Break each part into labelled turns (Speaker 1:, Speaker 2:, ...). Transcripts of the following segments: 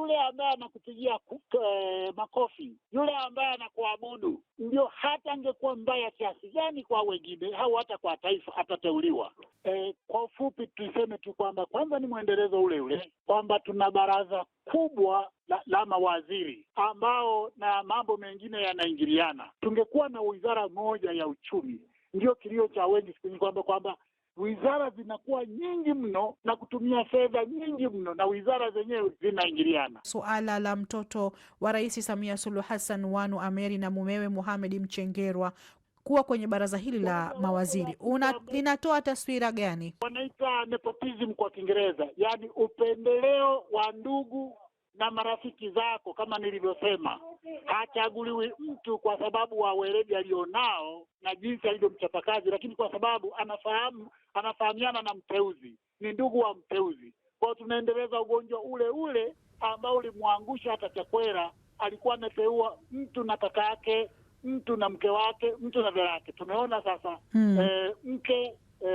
Speaker 1: yule ambaye anakupigia uh, makofi, yule ambaye anakuabudu, ndio hata angekuwa mbaya kiasi gani kwa wengine au hata kwa taifa, atateuliwa. Eh, kwa ufupi tuseme tu kwamba kwanza ni mwendelezo ule ule kwamba tuna baraza kubwa la, la mawaziri ambao na mambo mengine yanaingiliana. Tungekuwa na wizara moja ya uchumi, ndio kilio cha wengi siku hizi kwamba kwamba wizara zinakuwa nyingi mno na kutumia fedha nyingi mno, na wizara zenyewe zinaingiliana.
Speaker 2: Suala la mtoto wa Rais Samia Suluhu Hassan Wanu Ameri na mumewe muhamedi Mchengerwa kuwa kwenye baraza hili la mawaziri una, linatoa taswira gani?
Speaker 1: Wanaita nepotism kwa Kiingereza, yaani upendeleo wa ndugu na marafiki zako. Kama nilivyosema, hachaguliwi mtu kwa sababu wa weledi alionao na jinsi alivyo mchapakazi, lakini kwa sababu anafahamu, anafahamiana na mteuzi, ni ndugu wa mteuzi. Kwao tunaendeleza ugonjwa ule ule ambao ulimwangusha hata Chakwera. Alikuwa ameteua mtu na kaka yake, mtu na mke wake, mtu na yake. Tumeona sasa hmm. E, mke e,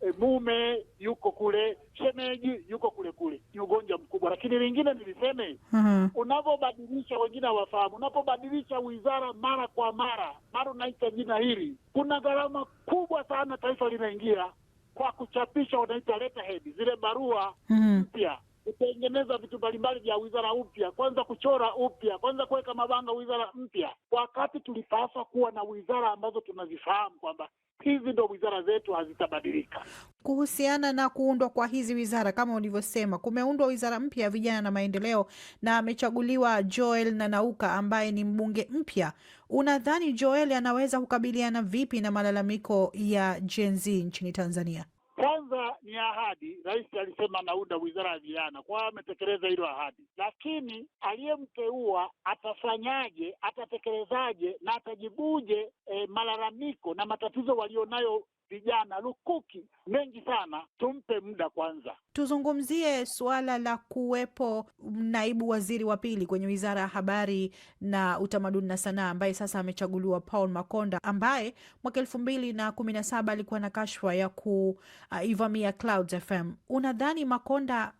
Speaker 1: e, mume yuko kule damage yuko kule kule, ni ugonjwa mkubwa. Lakini lingine niliseme, mm-hmm. unavyobadilisha, wengine hawafahamu, unapobadilisha wizara mara kwa mara, mara unaita jina hili, kuna gharama kubwa sana taifa linaingia kwa kuchapisha, wanaita letterhead, zile barua mhm. mpya mm-hmm kutengeneza vitu mbalimbali vya wizara upya, kwanza kuchora upya, kwanza kuweka mabanga wizara mpya, wakati tulipaswa kuwa na wizara ambazo tunazifahamu kwamba hizi ndo wizara zetu hazitabadilika.
Speaker 2: Kuhusiana na kuundwa kwa hizi wizara, kama ulivyosema, kumeundwa wizara mpya ya vijana na maendeleo na amechaguliwa Joel Nanauka ambaye ni mbunge mpya. Unadhani Joel anaweza kukabiliana vipi na malalamiko ya Gen Z nchini Tanzania?
Speaker 1: Kwanza ni ahadi. Rais alisema anaunda wizara ya vijana, kwa hiyo ametekeleza hilo ahadi, lakini aliyemteua atafanyaje? Atatekelezaje na atajibuje e, malalamiko na matatizo walionayo vijana lukuki mengi sana. Tumpe muda kwanza.
Speaker 2: Tuzungumzie suala la kuwepo naibu waziri wa pili kwenye wizara ya habari na utamaduni na sanaa, ambaye sasa amechaguliwa Paul Makonda, ambaye mwaka elfu mbili na kumi na saba alikuwa na kashfa ya kuivamia uh, ya Clouds FM. Unadhani makonda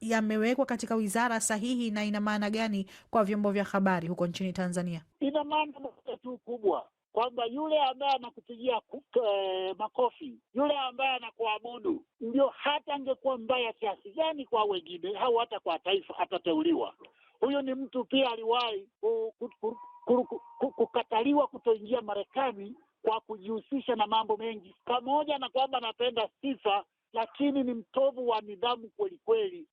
Speaker 2: yamewekwa katika wizara sahihi na ina maana gani kwa vyombo vya habari huko nchini Tanzania?
Speaker 1: Ina maana moja tu kubwa kwamba yule ambaye anakupigia e, makofi yule ambaye anakuabudu, ndio hata angekuwa mbaya kiasi gani kwa wengine au hata kwa taifa, atateuliwa. Huyu ni mtu pia aliwahi kukataliwa kutoingia Marekani kwa kujihusisha na mambo mengi, pamoja na kwamba anapenda sifa, lakini ni mtovu wa nidhamu kwelikweli.